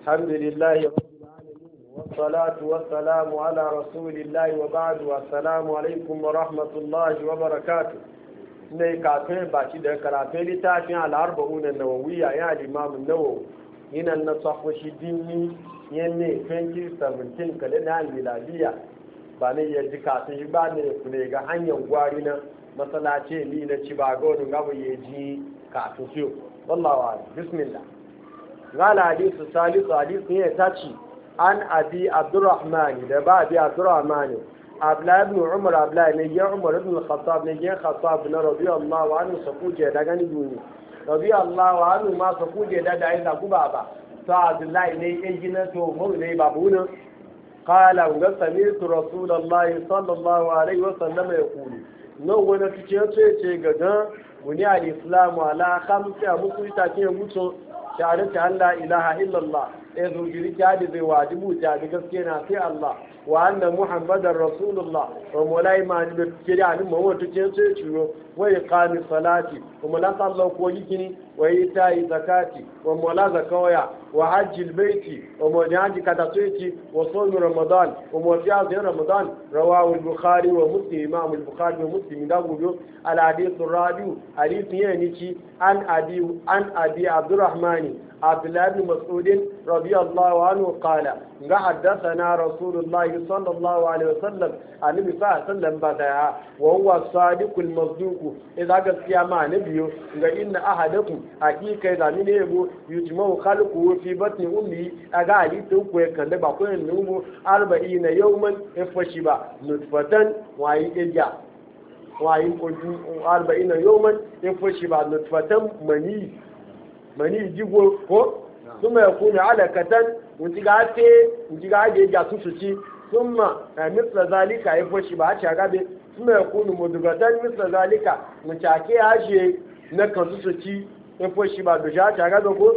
الحمد لله رب العالمين والصلاة والسلام على رسول الله وبعد والسلام عليكم ورحمة الله وبركاته ne kafin baki da karatun littafin al'arba'u na nawawiya ya limamin nawawi yinan na tsakwashi dinni yin miladiya ba ne ya ji kafin shi ba ne ku ga hanyar gwari na masalace ni na ci ya ji kafin gala hadisu salisu hadisu ta ce an abi abdurrahman da ba abi abdurrahman abdullahi ibn umar abla ne ya umar ibn khattab ne ya khattab na rabi wa radiyallahu anhu kuje da gani duni wa anhu ma kuje da da yin zaku ba to abdullahi ne ya gina to mu ne babuna qala wa sami'tu rasulullahi sallallahu alaihi wa sallam yaqulu no wani tuce ce ce gaga wani al-islam ala khamsa musu ita ke mutu شهادة أن لا إله إلا الله ya zo girka da bai wajibu ta da gaske na sai Allah wa anna muhammadar rasulullah wa mulai ma da kiri da mawa to ce ce ciro wa iqami salati wa mula sallahu ko yikini wa itai zakati wa mula zakawaya wa hajjil baiti wa mujaji kada ce wa sawmi ramadan wa mujazi ramadan rawahu al-bukhari wa muslim imam al-bukhari wa muslim da gudu al hadith ar-rabi hadith yani ci an abi an abi abdurrahmani a filamin masoɗin rabi allah wa hannu haddasa na rasulillah sallallahu alaihi wa sallam a nimetso a sallan ba wa uwar sadi kulmas duku izaga siya ma na biyu naga ina aha da ku haƙekayi za mu yi nego yanzu mabu khaleku wani ku ya kalla bakwai hannun ku arba'in na yau man ya fashi ba nutfatan waye ɗaya ko juna arba'in na yau nutfatan manya. mani jigo ko suma ya kuna katan wuti ga ate wuti ga ade ga tusuci suma a eh, misla zalika ya fashi ba a ci agabe suma ya kuna mudugatan misla zalika mu cake ce na kan tusuci ya fashi ba da shi a ci agabe ko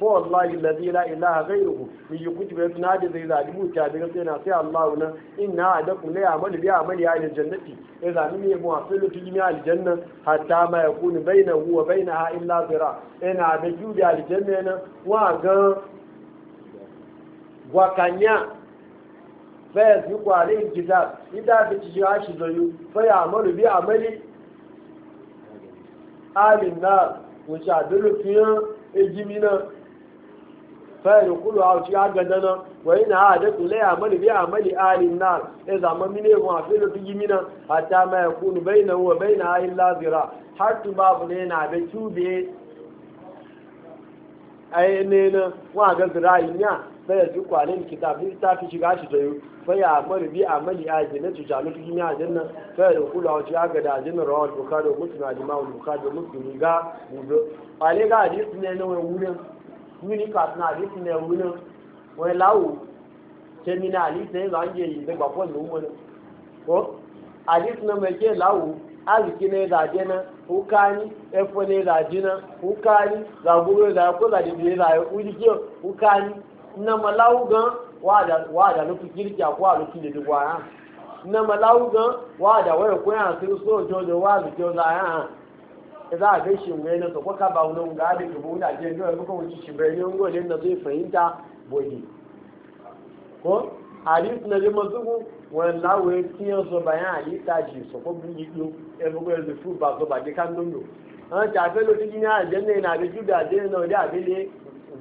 fa wallahi alladhi la ilaha ghayruhu min yukutu bi tunadi zai zabi mu ta daga sai na sai Allah na inna adakum la ya'malu bi amali ahli jannati Ya idza mu yabu asilu fi jami'a aljanna hatta ma yakunu bainahu wa bainaha illa zira ina da judi aljanna na wa ga wakanya fayas yi kwarin kitab ita ta ci ya shi zoyu faya malu bi amali alin na wuce adulu fiye ejimina fayar kúrò a wuce ya gada na haɗe tule a mali biya a mali alin nan wọn zama mine kuma fi da tuji kunu bai na bai na har tu babu ne na da a yi ne na wa ga zirayi ya sai ya ni fi shiga shi zayu fa ya amari bi amali a jinna tu jalu tu ni ajanna fa ya kula wa ya ne na mini kàtún àdìsí náà wú náà wọn láwò tẹmí náà àdìsí náà ń yẹ yìí gbàgbọ́ pọ̀ lówó náà kọ́ àdìsí náà mẹ́jẹ́ láwò arziki ne zaje nan hukani efo ne zaje nan hukani zaguro da ko zaje biye zaje uji ke hukani na malawu gan wada wada lutu kirki akwa lutu de duwa na malawu gan wada waya ko yana sirso jojo wa zuke za E za a gaishe mu yana to kwaka ba wani ga da dubu na je ga muka wuce shi bai ne ngole na zai fahimta boye ko hadith na jima zugu wallahu ya tiyan so bayan hadith ta ji so ko yi do e ya zufu ba so ba je kan dondo an ta fe lo tigi na janne na be juda je na oja abele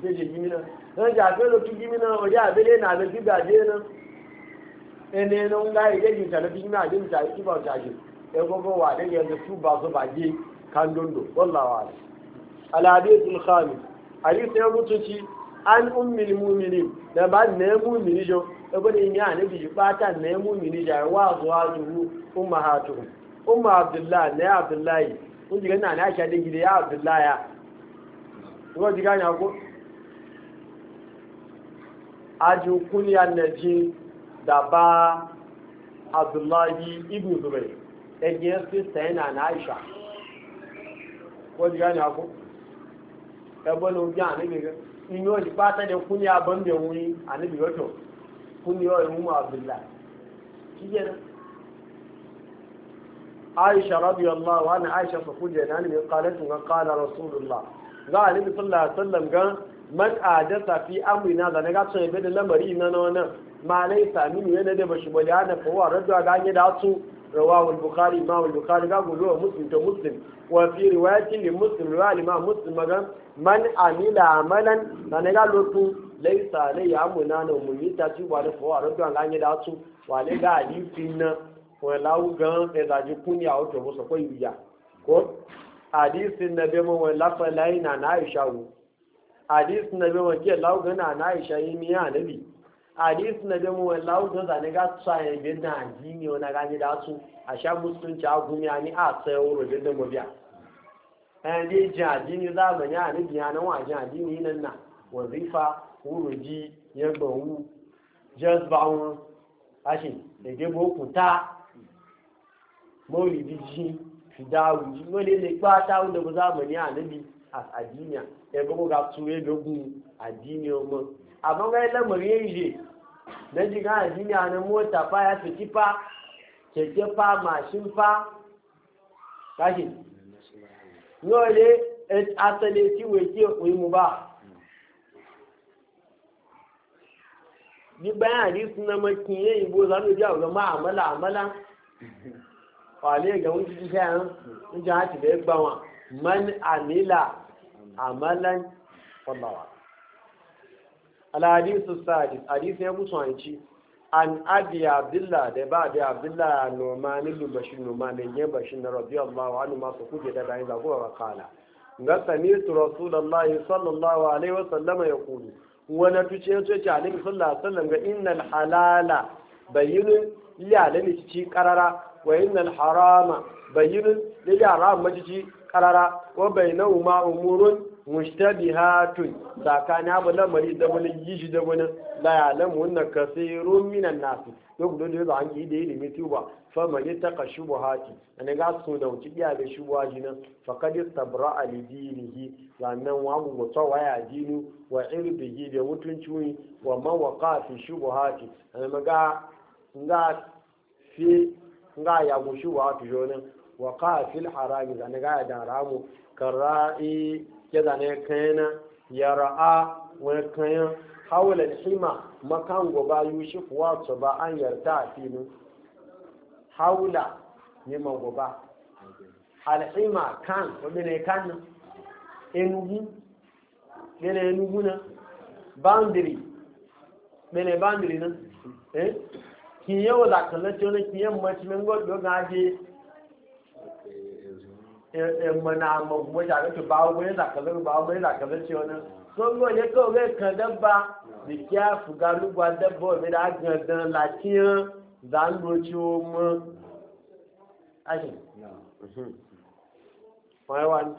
se je gimi na an e ta fe lo tigi mi na oja na be juda je na ene no ngai je ju ta lo na je mi ba ta je e gogo wa de ya zufu ba ba kan dondo wallawa ne alhadisul khamis Ali ya mutunci an ummil mu'minin da ba ne mu'mini jo da ni ya ne bi bata ne mu'mini da wa zuwa zuhu ummahatuhum umma abdullah ne abdullahi kun ji ganna na shi da ya abdullahi ya ko ji na ko aju kunya naji da ba abdullahi ibnu zubair ɗan yin sista yana na aisha wọ́n gane ako ẹgbọ́n ojú àníbì rẹ̀ inú òjì pátẹ́dẹ̀ fún ní abọ́ndẹ̀ òun yìí àníbì rọ́tọ̀ fún ní ọ̀rùn mú àbìlà kíjẹ́ náà aisha rabi allah wa na aisha fa kuje na ne qalatun ga qala rasulullah ga annabi sallallahu alaihi wasallam ga man adasa fi amrina da naga tsaye da lamari na náà ma laisa min yana da bashi bada na yà wa radda ga ne da su rawahu al-bukhari ma al-bukhari ga gulo muslim tó muslim Wafiri wa fi riwayatin li muslim riwaya imam muslim magan man amila amalan na ga lotu laisa ne ya muna na muni ta ci wa da fo a rubu an ganye da su wa le ga ni finna e ko lawu gan e da ji kunya o to so ko yuya ko hadisin nabi mu wa lafa laina na aisha wu na nabi mu ke lau gan na aisha yi mi ya nabi hadis na da mu wallahu da zane ga tsaye bin da addini wani gani da su a sha musulunci a gumi a ni a tsaye wuri da mu ɗaya jin addini zamani a nabi ya nan wajen addini nan na wazifa wuruji ya gbanwu jazbawun ashe da gebo kuta maulidi ji dawo ji wani ne ba ta wunda ba zamani a nabi a addini ya gabo ga tuwe dogun addini mu abin ga lamarin ya yi na ji addini a nan mota fa ya fi kifa keke fa mashin fa kashin nole asali ti weke oyimu ba yi bayan hadisi na makiye ibo za mu ji àwọn àmàlà àmàlà wàlẹ́ ìgbà wọn ti ṣiṣẹ́ man sadi ya mutu an abi abdullah da ba abi abdullah no ma nomani ye bashin na rabbi allah wa anu masu kuje da bayan zaguwa wa kala ga samitu rasulullah sallallahu alaihi wasallam ya kulu wani tuce tuce ce alaihi sallallahu alaihi wasallam ga innal halala li alani ci karara wa innal harama bayyinun li alama ci karara wa bainahuma umurun mushtabihatun tsakanin abu lamari da wani yishi da wani layalan ya'lamu hunna kasirun minan nasu yau da yau an yi da ilimi tuba fa shubu haki a ne ga su da wuce iya da shubuhaji nan fa kad istabra li dinihi nan wa mu go tsawa ya dinu wa irbihi da mutunci wa man waqa fi shubuhati an ga nga fi nga ya go haki jonin wa fil harami an ga da ramu karra'i kezane kayana ya ra'a wani kayan hawala hima makan goba yushi kuwa su ba an yarda a filin haula nima goba alhima kan wani ne kan enugu mene enugu na boundary mene boundary na eh kiyan wadatallaci wani kiyan mace min gwado gaje mana magwai da kake ba wai da kaza ba wai da kaza ce wannan so go ne ko ga kan dabba bi kya fuga lugwa dabba bi da ga dan latiyan zan roci mu ashe wai wan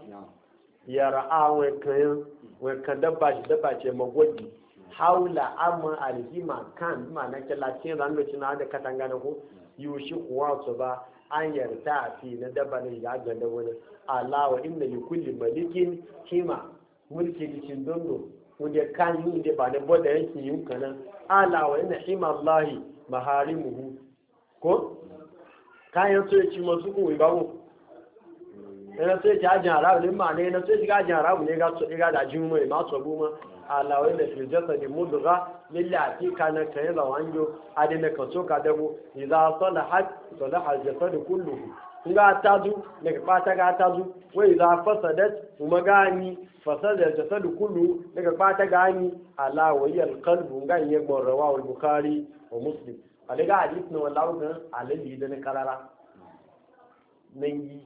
yara awe kan wai kan dabba shi dabba ce magwadi haula amma alhima kan ma na ke latiyan zan roci na da katanga da ko yushi kuwa su ba an yarta a fi na daba ya ga da wani alawa inda yi kulli malikin kima mulki likin dondo wanda kan yi da ba na boda yake yi kana alawa inna hima allahi muhu ko kayan so ya ci masu kuma ba ko ina so ya ci ajin arabu ne ma ne ina so ya ci ajin arabu ne ga da jin mai ma so goma Alawai da wa jasa da jasadi mudgha lilla hakika na kai zawanjo na kaso ka dabo idza salahat salaha al da kulluhu ga tazu daga bata ga zu wai idza fasadat kuma gani da jasa da kullu daga bata gani ala wa yal qalbu ga yi rawa al bukari, wa muslim daga hadith ne wallahu ga alaji da na karara nan yi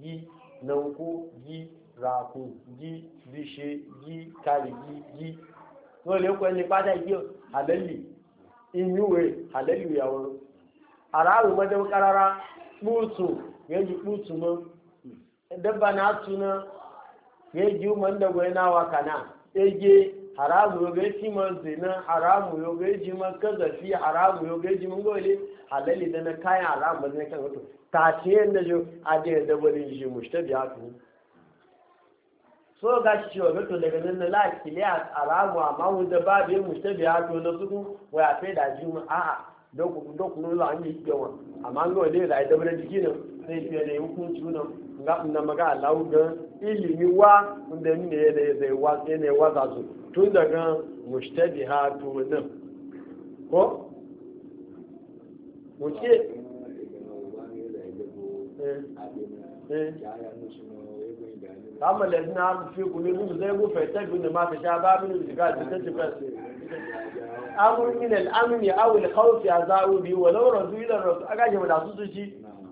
yi nan ko yi ràkù yí ṣe yí kárì yí yí wọ́n lè kọ́ ẹni pátá yí àlẹ́lì inúwe àlẹ́lì ìyàwó àràrù mọ́tẹ́ kárárá kúùtù yẹ́jì púùtù mọ́ dabba na tuna yẹ́jì mọ́ ndàgbọ́ náà wà kànáà eje haramu yau gaji man zina haramu yau gaji man kazafi haramu yau gaji man gole halali da na kayan haramu da na kan wato ta ce yadda jo a da so ga shi cewa mutum daga nan na laki ne a ramu amma wanda babu yin mustabi ya to na suku waya sai da ji mu a'a don don an yi yawa amma ga wanda ya zai dabar jiki nan sai fiye da hukunci nan ga na maga ga ilimi wa ne zai ne su tun daga mustabi ha to nan ko mu ce amala gwu wudo egwuf tel n ai aụami awele afe a wụwe ịlọọ agadi mara tụji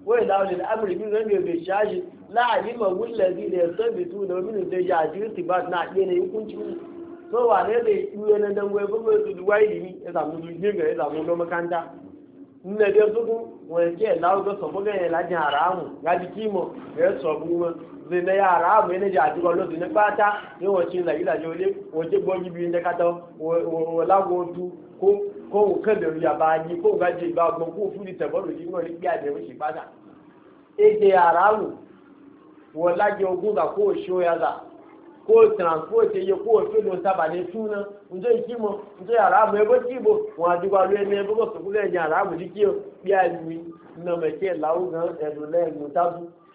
nweye a e amrị g egbechi aji na gi bulna oide ji aji ntịba na akpen ikwu nchiwụ nọwa nedkpeddii makana nne d o nwere jena ụos boị nye e la yi ahụ gajia imo na-eso ụwe zina yara abu yana jaji gwallo zina bata yawancin na gidaje wale waje gwaji biyu na kata walagotu ko kan da ruya ba yi ko gaji ba ko fuli tabaru ji wani biya da mashi bata ege yara mu walage ogun ga ko shoya za ko transport ye ko filo saba ne tuna nje ikimo nje yara mu ebo tibo wọn adigun alu ẹni ẹbí kò sọkúlẹ̀ ẹ̀yìn yara mu di kí o bí a lu iná mẹ̀kẹ́ làwọn gan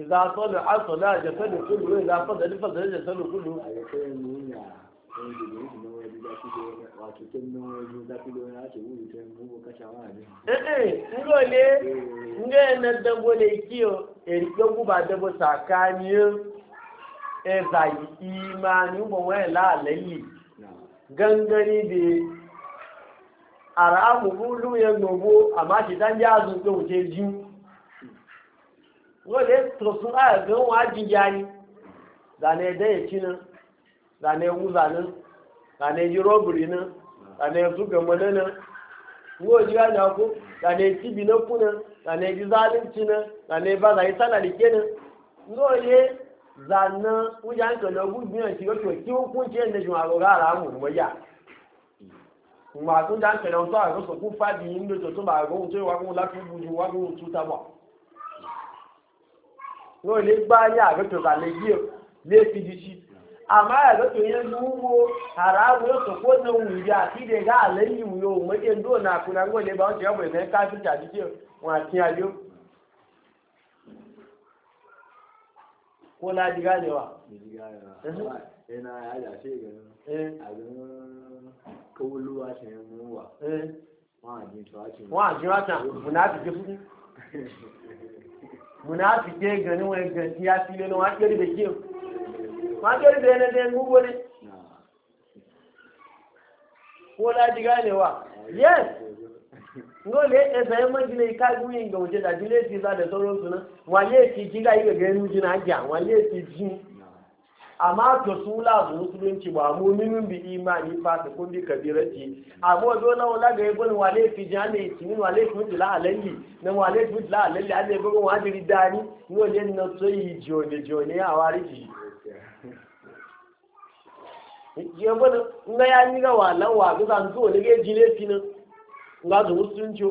ìdá sọ́lẹ̀ àsọ̀lẹ̀ àjẹsẹ́lẹ̀ kúlù ìdá sọ́lẹ̀ fẹ̀sẹ̀lẹ̀ àjẹsẹ́lẹ̀ kúlù. ee ngole nga na dabo le kiyo erike guba dabo sakani eza imani ubo wani lalayi gangani da aramu bulu ya gbobo amma shi dan jazu ɗauke jiwu wale to sun aka gan waji yayi zane da ya ci nan zane wuza nan zane ji robbery nan zane su gama nan wo ji ya ko zane ci bi na kuna zane ji zalunci nan zane ba zai sana rike nan ngole zane wuya an kalo gudun ci ko ki hukunci ne shi ma ga alamu waya ma tun dan kalo so a ko so ku fadi ndo to to ba go to wa ko la ku buju wa ko tuta ba náà lè gbá ní àgbẹ̀tò kàlẹ́jì lè fi a sí àmọ́ àgbẹ̀tò yẹn ló ń wo àràwọ̀ yóò sọ̀kọ́ náà wù yí àti ìdè gá àlẹ́ yìí wù ń dóònà àkùnà ń wọlé bá ń wọn àti àjọ. ne munafike ganin wani gaskiya filo na wani da kiyo wani da yana da gugu ne ko na ji ganewa yes dole ya sayi majina ka guyin ga wuce da jile fi za da sauransu nan wale ki ji ga yi ga ganin jina ajiya wale ki ji amma to su la su musulunci ba mu'minun bi imani fa ta kun bi kabirati amma zo na wala ga ibn wale fi jami timin wale fi la alalli na wale fi mutla alalli an ne gogo wa diri dani ni wale na so yi jone jone a wari ye bana nga ya ni ga wala wa ga zan zo ne ga jile tinan nga zo musulunci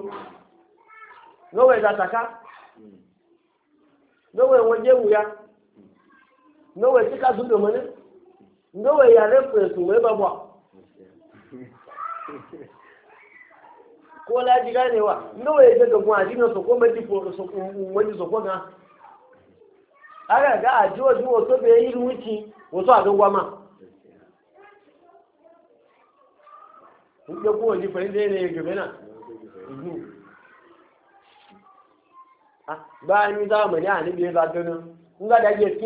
nga wai za ta ka hmm. nga wai waje wuya nowhere ti ka tún dò mọ́lẹ́ nowhere yà reference wẹ́ bá bọ̀. ko laji ganewa nowhere ya daga kuma ajinan sokon maji sokon ha ara ga àjọ ojú òtó ma yìí wí kí òtó àdúgbò máa ń pẹ́ kúrò ní pẹ̀lú ilé ìgbẹ̀mẹ́ náà ìlú bá ba dáàmù ní àníbi ìlàjọ́ náà ń gbádá yẹ sí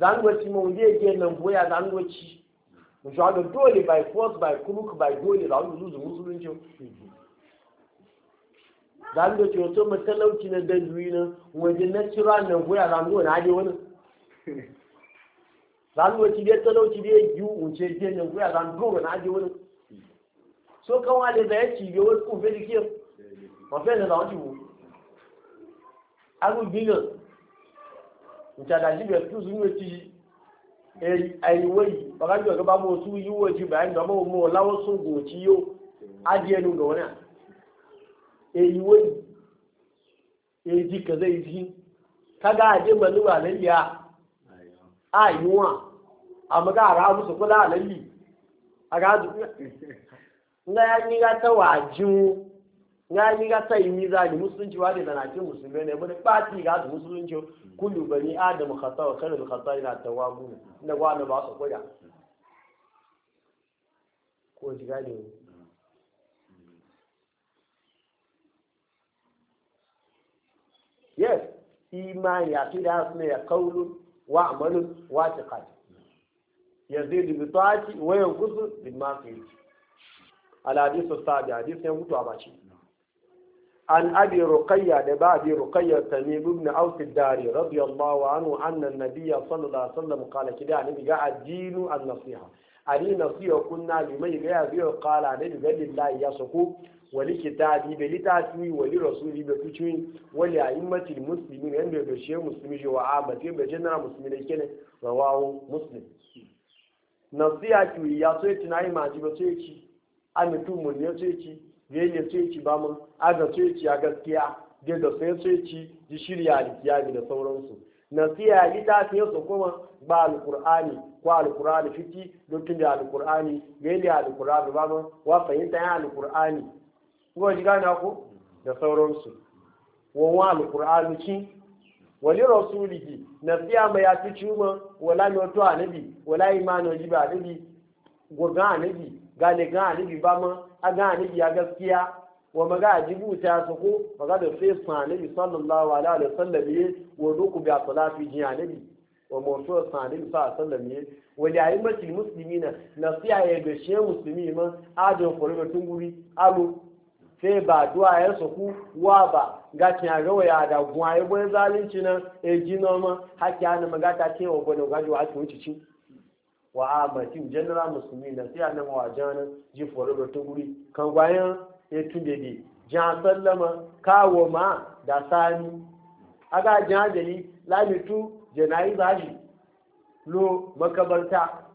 zangoci mun zai je nan boya zangoci mu shi haka dole by force by crook by dole za mu zuzu musulunci zangoci wato matalauci na danduyi nan waje na cira nan boya zango na aje wani zangoci bai talauci bai yiwu unce je nan boya zango na aje wani so kan wale da ya ci bai wasu kun fi jikin mafi da zawon ci bu agugbin nan nke bɛ tuzu nyɔ ti ayiwe yi bakaji ɔkɛ ba mo su yi wo ti bayan dɔ mo mo lawo so go ti yo adiɛ nu na ayiwe yi edi kɛlɛ yi fi kaga adi ma amaga ara nga ya ga ta nga kullu bani adam khata wa khairul khata'ina tawwabun na wani ba su koda ko ji gane yes imani aqida asma ya qawlu wa amalu wa taqad yazidu bi ta'ati wa yanqusu bil ma'siyati al as sabi hadith ya mutu abaci an abi ruqayya da ba abi ruqayya ta ne ibn awf dari radiyallahu anhu anna nabiyya sallallahu alaihi wasallam qala kida na ga addinu an nasiha ari nasiha kunna li mai ga ya biyo qala ne ga lillahi ya suku wali kitabi bi litasmi wali rasuli bi kuchi wali a'immati muslimin yanda da shi muslimi je wa amma je be jinna muslimin ne kene rawahu muslim nasiha ki ya so tunai yi ci an mutum mun ya so yayin tsoyici ba mun aga tsoyici a gaskiya da da sai tsoyici ji shirya alkiyami da sauransu nasiha littafi su kuma ba alkur'ani ko alkur'ani fiti dukkan da alkur'ani gaili alkur'ani ba mun wa fahimta ya alkur'ani kuma ji gane ko da sauransu wawan alkur'ani ci wani rasulihi nasiha mai ya fi kuma wala ne wato anabi wala imanin jiba anabi gurgan anabi gane gan anabi ba mun a ga annabi ya gaskiya wa maga a ta su ko maga da sai su annabi sallallahu alaihi sallam ne wa duku bi salati ji annabi wa mawsu alaihi wa sallam ne wa da ayi mace muslimina nasiya ya ga shi muslimi ma ajin da tunguri alu sai ba duwa ya ku wa ba ga kin ga waya da guwa ya zalunci nan e ji noma hakki ana magata ce wa ga gaji wa ake wuce ci wa matin general musulmi na siya nan wa jana ji foro da guri kan gwayan ya da bi jan sallama kawo ma da sani aga jan jani lamitu janayi shi lo makabarta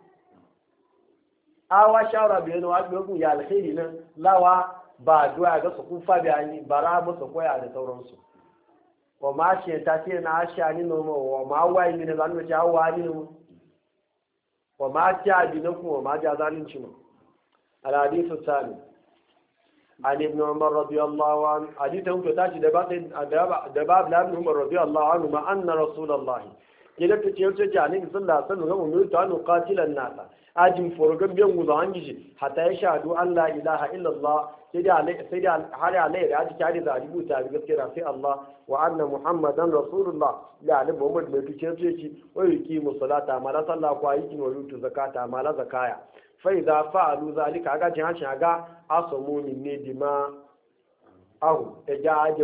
awa shawara na wa yankun ya alkhairi nan lawa ba duwa ga su kufa bayani bara masa koya da sauransu wa ma shi ta ce na ashani noma wa ma wai ne da zanu ta hawa ne وما جاء دينكم وما جاء ذلكم الحديث الثاني عن ابن عمر رضي الله عنه حديثهم فتاج دباب لابن عمر رضي الله عنه ما أن رسول الله kila ta ce yace jani sun sallallahu alaihi wasallam ta hannu katilan nasa ajin forogan biyan guzo an gishi hatta ya shaɗu allah la ilaha illallah sai da da ya lai raji kare da rubuta bi gaskiya sai Allah wa annan muhammadan rasulullah ya ne muhammad mai tuce ce ci wa yuki musallata mala sallah ko ayi kino rutu zakata mala zakaya fa a fa'alu alika ga jin hashin aga? asamu min ne dima ahu e ja aje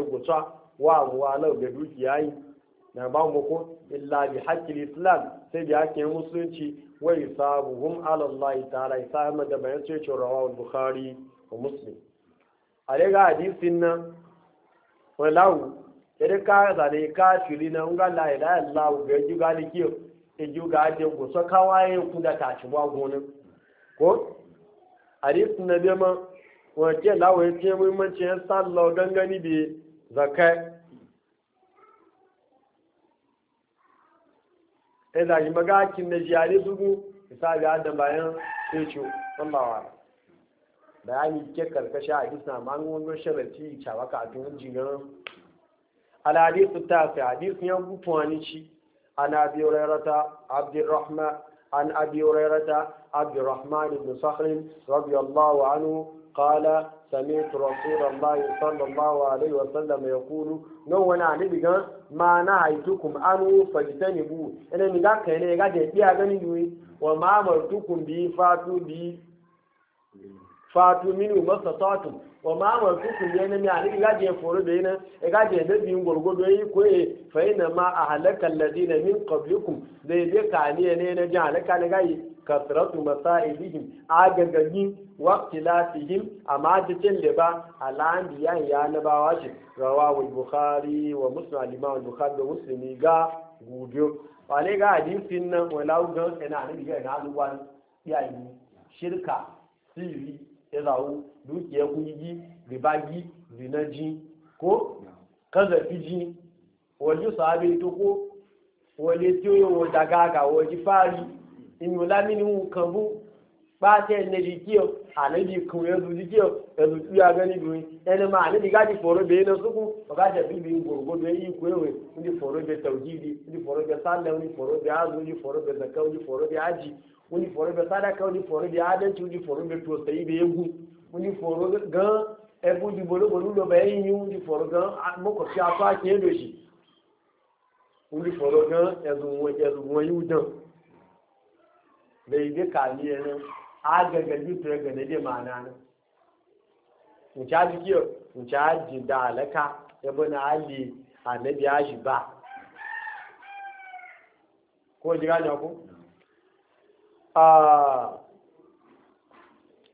wa amuwa na da dukiya na ba mu ko illa bi haqqil islam sai da yake musulunci wa isabuhum ala allah ta'ala isama da bayan sai ce rawahu bukhari wa muslim ale ga hadisin nan walau ere ka zane ka shiri na nga la ilaha illallah ga ji ga ni kiyo e ji ga de ko so kawaye ku da ta ci ba gonin ko hadisin na bema wace lawo ya ce muhimmancin sallah gangani bi zakai sai da shi magakin na jiyare dubu misali adam bayan sai ce sallawa bayani ke karkashin a bisa mangon sharati cewa a tun jigan alhadisu ta fi hadisu yan gufuwani ci an abi rairata abdurrahman an abi rairata abdurrahman ibn sahrin radiyallahu anhu qala سمعت رسول الله صلى الله عليه وسلم يقول نو وانا نبي كان ما نهيتكم عنه فاجتنبوه انا من ذاك انا قاعد بيا غني دوي وما امرتكم به فاتوا به fatu minu masatatu wa ma wa kuku ne na mi ani ga je foro de na e ga je de bi ngorgo do yi ko e fa ina ma ahlaka alladina min qablikum de de ka ne ne na ja alaka ne kasratu masailihim agagagin waqtilatihim amma jikin da ba al'anbiyan ya nabawa shi rawahu bukhari wa muslim al-imam bukhari da muslimi ga gudu wale ga hadisin nan wala ga ina annabi ga ina alwan yayi shirka sirri ya zawo dukiya kungi ribagi zinaji ko kaza fiji wani sahabi to ko wani tiyo daga ga wani fari ìyún lámìnì ń kàn bú pàṣẹ ẹnẹ́dì kí ọ àlẹ́dì kùn ẹ̀dùn kí ọ ẹ̀dùn tí a gẹ́ni dùn ẹni máa àlẹ́dì suku? fọ̀rọ̀ bẹ́ẹ̀ lọ sókún ọ̀gá jẹ̀bi bí gbòrògbòdò ẹ̀yìn ìkú ẹ̀wẹ̀ ní fọ̀rọ̀ bẹ tàwùjíìdì ní fọ̀rọ̀ bẹ zaka ní fọ̀rọ̀ bẹ ájì ní fọ̀rọ̀ bẹ sádàkà ní fọ̀rọ̀ bẹ adẹ́tì ní fọ̀rọ̀ bẹ tòṣẹ̀ yìí egu gan ẹbu di gbòrògbòdò lọ bẹ ẹ̀yìn yìí ní fọ̀rọ̀ gan mọ́kọ̀ fi atọ́ gan bai ga kamiya nan agaga bitar ga na jima na nan wuce haji da alaka ya bi na hali annabi ya shi ba ko jira ne ku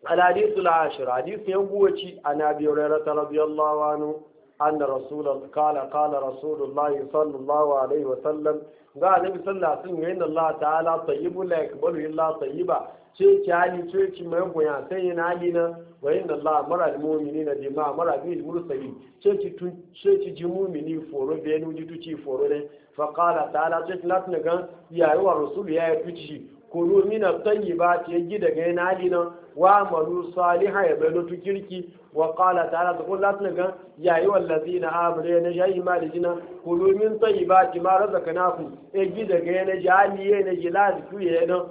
الحديث العاشر حديث ينبوتي عن أبي هريرة رضي الله عنه أن رسول قال قال رسول الله صلى الله عليه وسلم ga annabi sallallahu alaihi yi inna Allah ta'ala tayyibu la yakbalu illa tayyiba ce ki hali ce ki mai goya sai yana hali na wa inna Allah mara da mu'mini na jima mara da mursalin ce ki tun ce ki ji mu'mini foro be ni ji tuci foro ne fa qala ta'ala ce ki latna ga yayi wa rasul yi tuci kuru mina ton yi ba ta yi daga yana adina wa maru saliha ya bai nutu kirki wa kala ta ala zafin latin gan yayi wallazi na amure na jayi ma da jina kuru min ton yi ba ta mara zaka na ku ya yi daga yana jami'ai na gila da tuye ya nan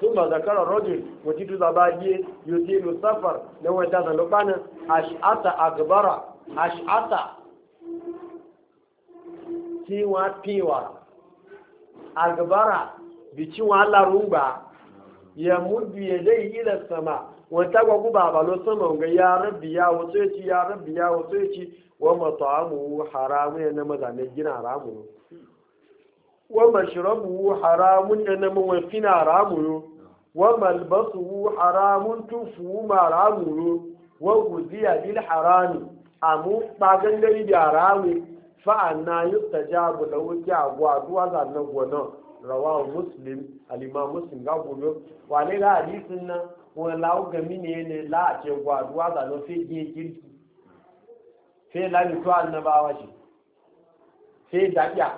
tun ba zakarar rodin wata tu zaba biye yuti musafar na wata zan lukana ash'ata a gabara ash'ata tiwa piwa a bikin wahala rumba ya mudu ya dai ila sama wata gwagu ba lo sama ga ya rabbi ya wato ci ya rabbi ya wato ci wa mata'amu haramun ya nama zane gina haramun wa mashrabu haramun ya wa fina haramun wa malbasu haramun tufu ma haramun wa guziya bil harami amu bagangari da haramun fa'anna yutajabu lahu ya agwa duwa zanna gwanon rawahu muslim al-imam muslim ga gobe wale ga hadisin nan wani lawo ga mine ne la a ce gwaduwa ga no fe je kirki fe la mi to annabawa shi fe dakiya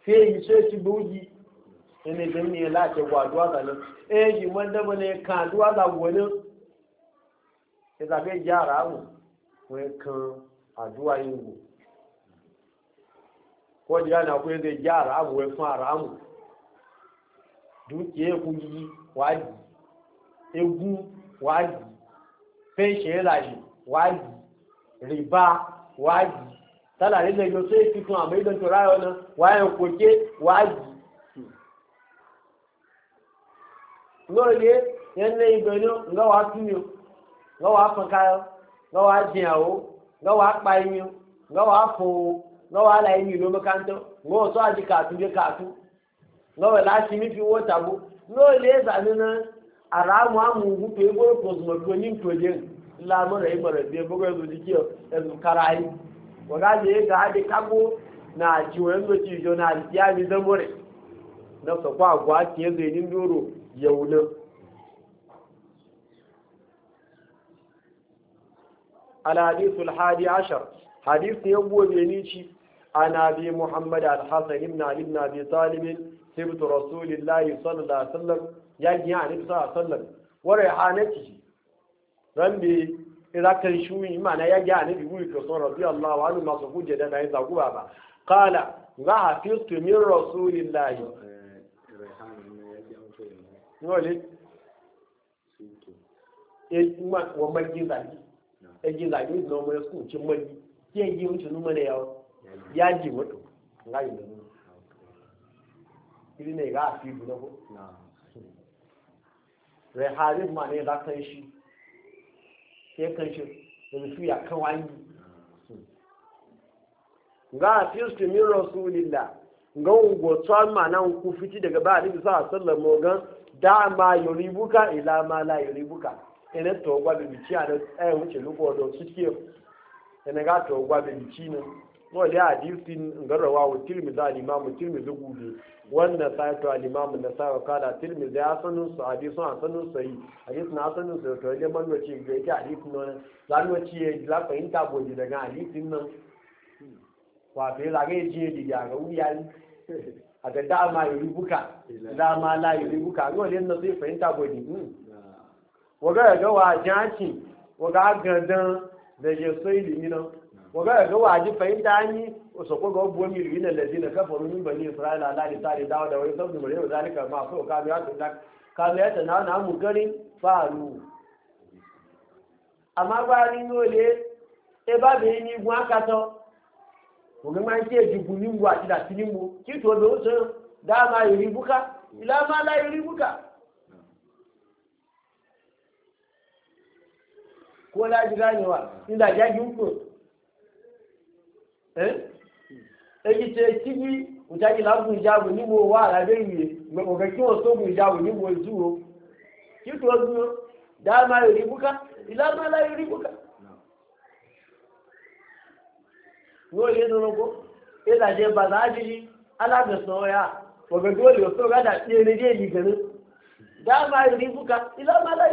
fe yi so shi buji ene da mine la a ce gwaduwa ga no e ji wanda bane e kan duwa ga wani e zabe jara mu wani kan aduwa yin gobe wọ́n jẹ́ àná pé ẹgbẹ́ já àràmù ẹ àràmù dúkìá èkú yìí wádìí egú wádìí fẹ́ǹṣẹ̀ ìlàjì wádìí rìbá wádìí tálàrí lẹ́yìn tó èkì fún àmọ́ ìdán ráyọ náà wáyé kò jẹ́ wádìí. lórí yẹ lọ́wọ́ aláìní ìlú mẹ́kántọ́ wọ́n sọ àti kàtú dé kàtú lọ́wọ́ láti ní fi bu tàbó lóò lè zànínà àràmù àmù ògùn pé gbọ́dọ̀ pọ̀sùmọ̀ tó ní ìtòjé lámọ̀rẹ̀ ìmọ̀rẹ̀ bí ẹgbẹ́ ẹ̀sùn ti kí ẹ̀sùn kára yìí wọ́n láti lè gà á dé na náà àti wọ́n ń lòtì na mi عن أبي محمد الحسن بن علي بن أبي طالب سبت رسول الله صلى الله عليه وسلم يجي عن صلى الله عليه وسلم وريحانته رمبي إذا كان شوي معنى يجي عن أبي بكر رضي الله عنه ما صفوه جدا عيسى قبابا قال ما حفظت من رسول الله نولي ومجي ذلك ejin zagi na mai sun cin mani ke yi wuce numa da yawa ya ji wato ngayi da nuna ili ne ga fi bu na ko re ma ne da kan shi sai kan shi da su ya kan wani ga fistu min rasulillah ga ungotsuwan ma nan ku fiti daga ba ni sa sallama gan da ma yoribuka ila ma la yoribuka ene to gwa bibi chi ada e wuce lugo do sukiyo ene ga to gwa bibi chi no wa wani hadisi garawa wa tirmidhi al-imamu tirmidhi gobe wannan sayato al-imamu na sayo kala tirmidhi ya sanin su hadisun a sanin sayi hadisun a sanin sayi to yadda man ce ga yake hadisun nan zanuwa ci ya za fahimta boje daga hadisun nan wato ya zaga ya ji ya diga ga wuya a ga dama ya rubuka dama la ya rubuka hmm. ga wani yadda sai fahimta boje waga ya ga wa janci waga gandan da je sai liminan waga ga waji fahimta an yi wasu ko ga buwa mil na kafaru min bani isra'ila da tare wani mare ma ka ya ta ka ya ta na na mu garin faru amma ba ni nole e ba be ni gwa ka to ko ga man ke ji bu ni gwa ti da ti ni mu ki to do so da ma yuri buka ila ma la yuri buka ko la ji èyí tẹ tíbi òjáde lágùn ìjáàbò níbo wà àlàyé ìwé ọ̀gẹ̀ kí wọ́n sógun ni mo ìjú o kí tó dúró dáàmà ìrí búká ìlànà láì rí búká. wọ́n lè dúró kó ìlàjẹ bàtà ájírí alágbèsàn ọ̀yà ọ̀gẹ̀ tó lè sọ dé dáàmà ìlànà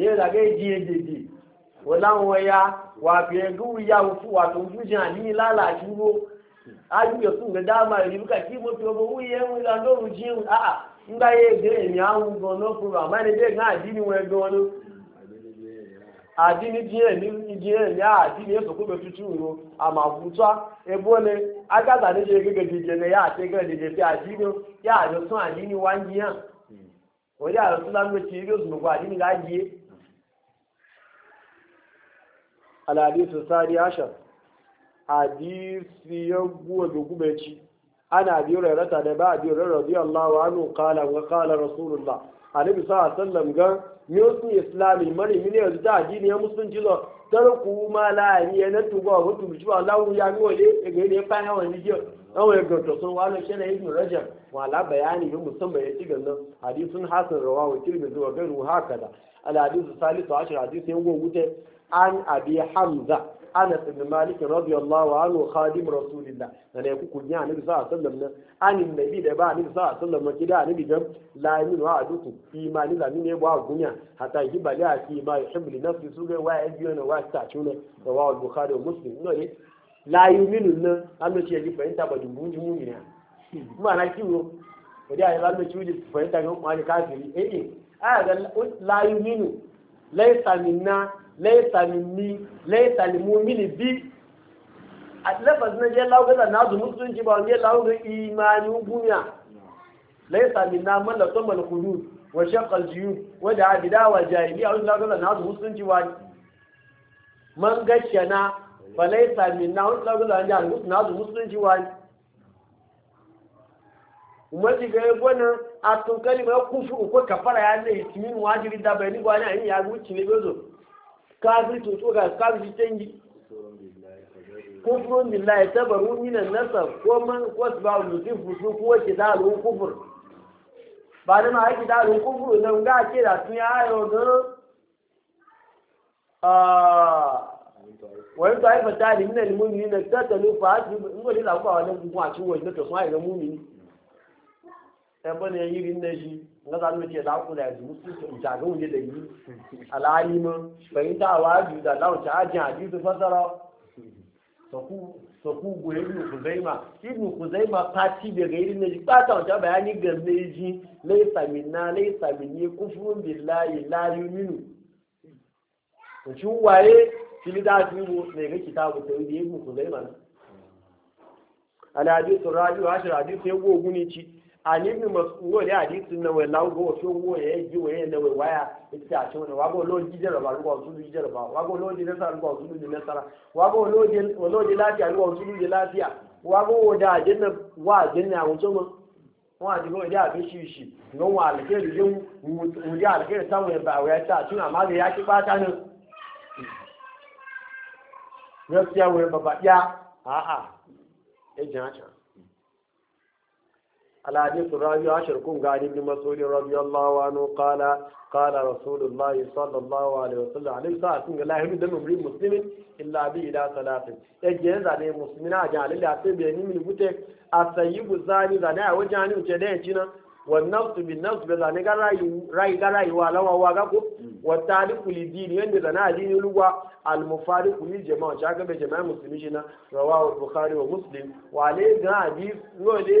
yẹn làgẹ́ ìdí èdèdè wọ láwọn ẹ̀yà wà ya òfu wà tó fún jẹ́ àní lálà àdúgbò ayúyọ̀ fún gẹ̀dá àmà ìdìbò kàkí mo fi ọmọ owó yẹn ń lọ ah, lóhùn ah, jíun àà ńgbà yẹ gẹ èmi àwọn gan náà fún wa àmọ́ ẹni bẹ́ẹ̀ náà àdínní wọn gan ló àdínní díẹ̀ ní díẹ̀ ní ah, àdínní èso kó bẹ́ẹ̀ ro àmà àbútọ́ ebó ni agbáta ní yá àti gẹ́gẹ́ dìde fi àdínní alhadisu sadi ashar hadisi ya guwa da ci. ana biyu rarrata da ba a biyu rarrabi Allah wa anu kala wa kala rasulullah alaihi sa sallam ga yosu islami mari mini yanzu ta addini ya musulunci lo tarku ma la ya na tuba wa mutum shi ba. Allah ya mi wale ya ga ne fa ya wani jiya an ya gato sun wani shi ne ibn rajab wa la bayani yin musamman ya ci gannan hadisun hasan rawahu tirmidhi wa gairu haka da. hadisu salisu ashar hadisi yan gowute an abi hamza anas bin malik radiyallahu an khadim rasulillah da ne kuku ya nabi sallallahu alaihi wasallam an nabi da ba nabi sa alaihi wasallam kida nabi gam la min wa aduku imani la min ne ba gunya hatta hibali a fi ma yuhibbu li nafsi suga wa yabiyo na wa ta tuna da wa bukhari wa muslim no ne la yuminu na an ce ji fahimta ba dubu ji mu'mina ma na kiwo da ya lalle ci ji fahimta ga mu kafiri eh eh a ga la yuminu laysa minna laisa limumini bi a lafaz na je da na zu musulunci ba wani lauga imani gumiya laisa minna man la sama al hudud wa shaqqa al jiyub wa da bida wa jahiliya wani da na zu musulunci ba man gashana fa laisa minna wani da na zu musulunci ba umarci ga ya gwana a tunkali mai kufu ko kafara ya zai timin wajiri da bai ni gwana a yi ya wuce ne bezo kafir to to ga kafir shi tangi kufrun billahi tabaru min an nasa ko man mu ji su ko ke da al kufur ba da ma ake da al kufur nan ga ke da tun ya yo ga a wani ta haifa ta ni al-mu'minin na tata talu fa in gode la ko wannan kuma a cikin wannan to sai ga ni. ẹgbọ́n ni ẹyí rí ní ẹṣí ńlọ́ta ló tiẹ̀ lákùnrin àìsàn mùsùlùmí ìṣàgóhùn lè lè yí aláàyè mọ́ pẹ̀lú tá ku àjùdà láwọn ṣáájì àdìsí fọ́sọ́rọ́ sọ̀kú gbò ibùn kùzẹ́ìmà ibùn kùzẹ́ìmà pàtì bẹ̀rẹ̀ yìí lẹ́yìn pátá ọ̀tá bẹ̀rẹ̀ ní gẹ̀mẹ́jì lẹ́yìnsàmì náà lẹ́yìnsàmì ní kú fún mi láàyè láàyè nínú òṣù wáyé tìlídàásí wo lẹ́yìn kìtà àbùtẹ̀ ìdí ibùn kùzẹ́ìmà náà. alẹ́ àdìsọ̀rọ̀ àdìsọ̀ àṣẹ̀rọ̀ àdìsọ̀ yi ogun ne ci. alibi masuwo ne hadisi na wai laugo wasu wo ya yi wa ya na waya ita a cewa wago loji jaraba ruwa wasu loji jaraba wago ji nasa ruwa wasu loji nasara wago loji lafiya ruwa wasu loji lafiya wago wa ajinna wasu الحديث الرابع عشر كن قال ابن مسعود رضي الله عنه قال قال رسول الله صلى الله عليه وسلم عليه الصلاة والسلام لا يهم دم امرئ مسلم إلا به إلى ثلاث يجيز على المسلمين أجعل الله بيني من بوتك أسيب الزاني زنا وجعني وجدين والنفس بالنفس بزاني قال رأي قال رأي ولا وواقف والتعريف للدين يند زنا دين لغة المفارق للجماعة شاكا بجماعة مسلمين رواه البخاري ومسلم وعليه قال حديث نولي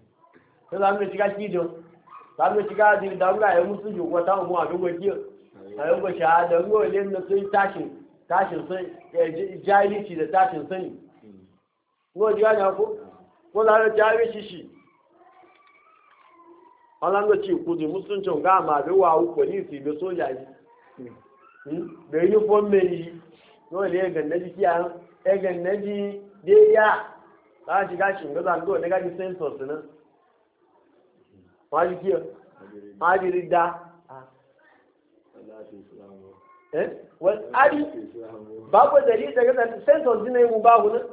ko za mu shiga kijo za mu shiga din da ruwa ya musu ji ko ta mu a dubo sha da na sai tashin tashin sai eh, jahilci da tashin sani ko ji ga ko ko za mu jahilci shi wannan da ci ma bi wa ku polisi bi soja yi e wọ́n á di kíọ̀ wọ́n á di rí dá. wọ́n á di báwo tẹ̀lé ìtẹ̀kẹ́tẹ̀ sẹ́ńtọ̀ sí náà ń báwo náà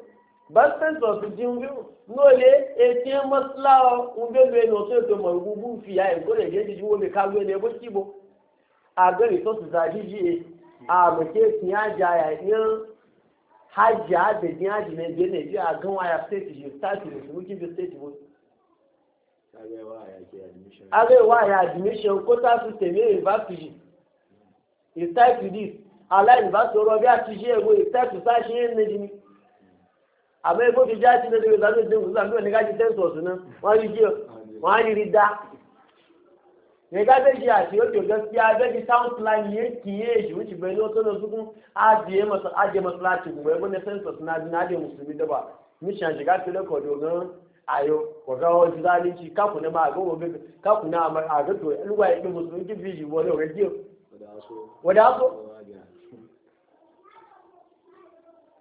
bá sẹ́ńtọ̀ sí ti ń bí ní olè mọ́sílá ń bẹ́ẹ̀ lóye ní ọ̀sẹ̀ ètò ìmọ̀ ìgbúgbú fìyà ẹ̀kọ́ rẹ̀ yé jíjú wọ́n ká lóye ní ẹgbẹ́ síbò agbẹ́rì tó ti sa jíjí e àmọ̀tí èsìn àjà yẹn hajj àbẹ̀dín àjìnà nàìjíríà gan wáyà stéètì yìí arewa ya admission quarter to tèmi university is type to this aláìbáṣọ ọrọ bí a ti ṣe èwo is type to sáṣe é méjì ni àmọ́ epo fi já sí lórí ìgbàlódé ìdíwọ̀n sísá níwọ̀n ní kájí tẹ́sán ọ̀sùn náà wọ́n rí jẹ́ wọ́n á rí rí dá nígbàdéjì àti òjò jọ sí abẹ́bí south line yẹn kì í èyí wọ́n ti bẹ̀rẹ̀ ní ọtọ́ náà sókún ájẹmọ́sọ́lá ti gùn wọ́n ẹgbẹ́ ní sẹ́ńsọ̀sì náà adé ayo waga wasu zalunci kaku na ma'a goma gaga kaku na a gato ruwa ya ɗin musulun kin fi jibo da wani wada so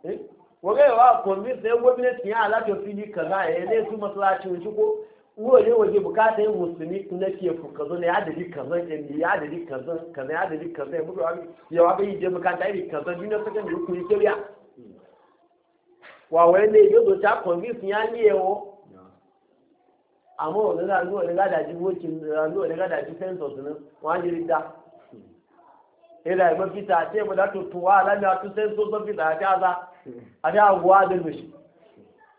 eh? waga yawa kwamfis na gwamnati ya alata fili kaza ya ne su masalacin shi ko wani waje bukata yin musulmi na ke fukazo na ya dadi kaza yan ya dadi kazan kaza ya dadi kazan ya mutu yawa bai je bukata iri kazan duniya sakandare kuma ya kiriya wa wani ne ya zo ta kwamfis ya ne yawo àmọ́ òní láàrin òní gádàjú wókì láàrin òní gádàjú fẹ́ǹsọ̀ sínú wọ́n á yiri dá ilẹ̀ ẹ̀gbẹ́ peter àti ẹ̀gbẹ́ dátò tó wá alámi àti sẹ́ńsọ̀ sọ peter àti àza àti àwọ̀ adébòsì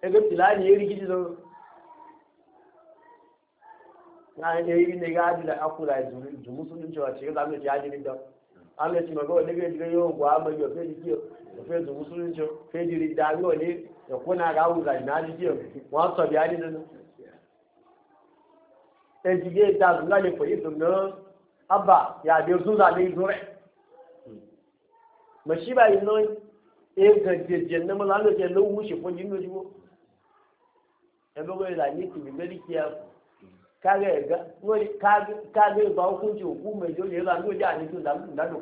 ẹgbẹ́ pìlá ni eré gidi lọ. láàrin eré ní ẹgbẹ́ adìlẹ̀ akúra ìdùnnú sínú ìjọba ṣe láàmì ìjọba adìlẹ̀ dán àmì ìtìmọ̀ gbọ́ nígbà ìdílé yóò wà á mọ̀jọ fẹ́ẹ́ di kí o fẹ́ẹ́ dùnnú sínú ìjọba fẹ́ẹ́ di rí dáa yóò ní ẹ̀kọ́ náà ráwùrà ìnáàdì díẹ̀ wọ́n sọ̀ bí adìlẹ̀ náà. ejige ta zunga le koyi zunga abba ya e e be zunza ne zure mashi ba yin nan e ga jejen na mala lo je lo wu shi fun jin lojibo e bo ga la ni ti be ri kia ka ga ga no ka ka ga ba ku ji jo le la lo ja ni da da e ko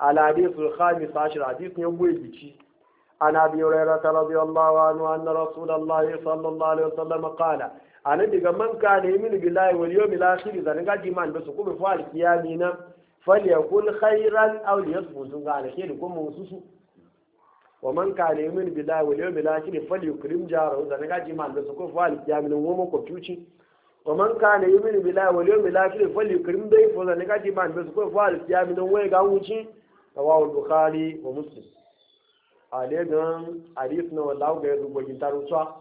ala ya bu bici عن أبي هريرة رضي الله عنه أن رسول الله صلى الله عليه وسلم قال أنا دقا من كان يؤمن بالله واليوم الآخر إذا نقا جيمان بس كل فعل كيامينا فليقول خيرا أو ليصمت على خير كم وسوسو ومن كان يؤمن بالله واليوم الآخر فليكرم جاره إذا نقا جيمان بس كل فعل كيامينا وما كتوشي ومن كان يؤمن بالله واليوم الآخر فليكرم ضيفه إذا نقا جيمان بس كل فعل كيامينا وما كتوشي رواه البخاري ومسلم ale gan arif na wallahu ga yanzu gwagin tarutuwa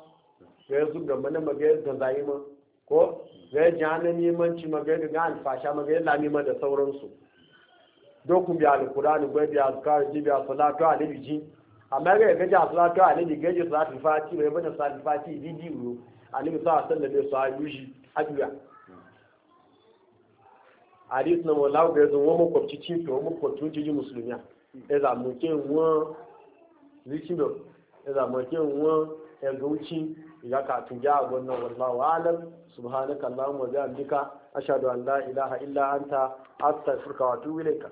ga yanzu ga mana maga da zayi ma ko ga ya jana nemanci maga yadda ga alfasha maga yadda ma da sauransu dokun biya alkurani gwai biya azkar ji biya salatu a nabi ji amma ga gaji a salatu a nabi gaji salatu fati bai bada salatu fati bidiyo a nabi sa sallar da su a yushi a biya arif na wallahu ga yanzu wani makwabci cikin wani makwabci musulmiya ya zamuke wani zikido ya zamake wọn ẹgbẹ̀uci ya katun ya gwanna wallahu alam subhanaka allahumma wa bihamdika ashhadu an la ilaha illa anta astaghfiruka wa atubu